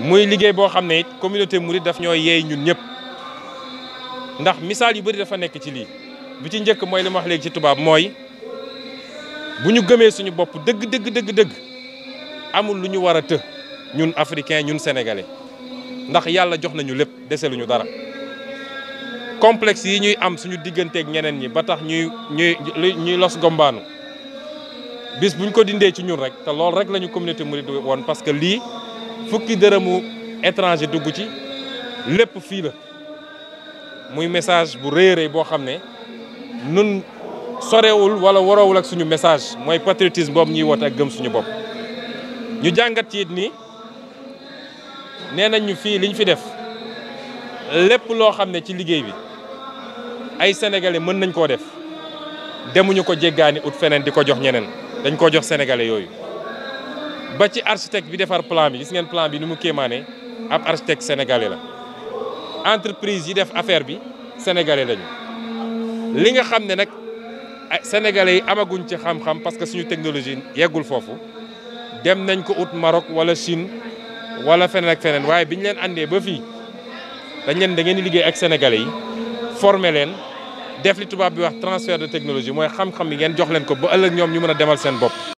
muy liggéey boo xam ne it communauté mouride daf ñoo yeey ñun ñëpp ndax misaal yu bëri dafa nekk ci lii bu ci njëkk mooy li ma wax léegi ci tubaab mooy bu ñu gëmee suñu bopp dëgg dëgg dëgg dëgg amul lu ñu war a të ñun africain ñun sénégalais ndax yàlla jox nañu lépp dese luñu dara complexe yi ñuy am suñu digganteeg ñeneen ñi ba tax ñuy ñuy ñuy los gombaanu bis ñu ko dindee ci ñun rek te lool rek la ñu communauté mouride woon parce que lii fukki dërëmu étranger dugg ci lépp fii la muy message bu rëy rëy boo xam ne nun sorewul wala waroowul ak suñu message mooy patriotisme boobu ñuy woote ak gëm suñu bopp ñu jàngat ci it ni nee nañ ñu fii liñ fi def lépp loo xam ne ci liggéey bi ay sénégalais mën nañ koo def demuñu ko jéggaani ut feneen di ko jox ñeneen dañ koo jox sénégalais yooyu ba ci architecte bi defar plan bi gis ngeen plan bi ni mu kéemaane ab architecte sénégalais la entreprise yi def affaire bi sénégalais lañu li nga xam ne nag sénégalais yi amaguñ ci xam-xam parce que suñu technologie yeggul foofu dem nañ ko ut marok wala Chine wala feneen ak feneen waaye bi ñu leen àndee ba fii dañ leen da ngeen di liggéey ak sénégalais yi former leen def li tubaab bi wax transfert de technologie mooy xam-xam yi ngeen jox leen ko ba ëllëg ñoom ñu mën a demal seen bopp.